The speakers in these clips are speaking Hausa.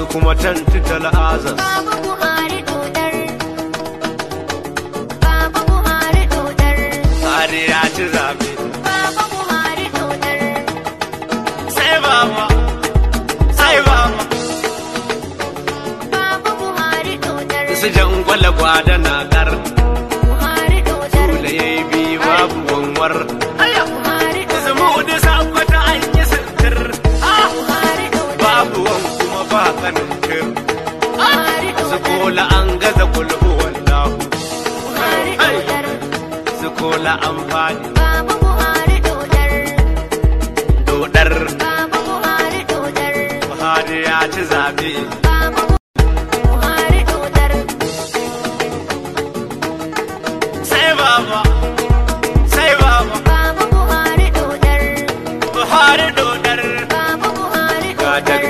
su kuma tanti tal'azas. Baba Buhari dodar. Baba Buhari dodar. Buhari ya ci zabe. Baba Buhari dodar. Sai baba. Sai baba. Baba Buhari dodar. Su jan gwala gwada na kar. Buhari dodar. Sule ya yi biyu babu wanwar. Aya. Buhari dodar. Su mu da sakwata an yi sirkar. Babu wanwar. ba kanin kir sukola an gaza kulhu wallahu sukola an fadi babu buhari dodar dodar babu buhari dodar buhari ya ci zabe Baba, sai Baba, babu Buhari dodar, Buhari dodar, babu Buhari dodar.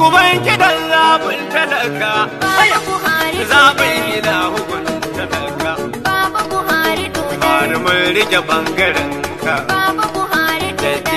ku ban kidan zaɓin talaka. Baya Buhari zaɓin gida hukun talaka. Baba Buhari dole. Bari mun rike bangaren ka.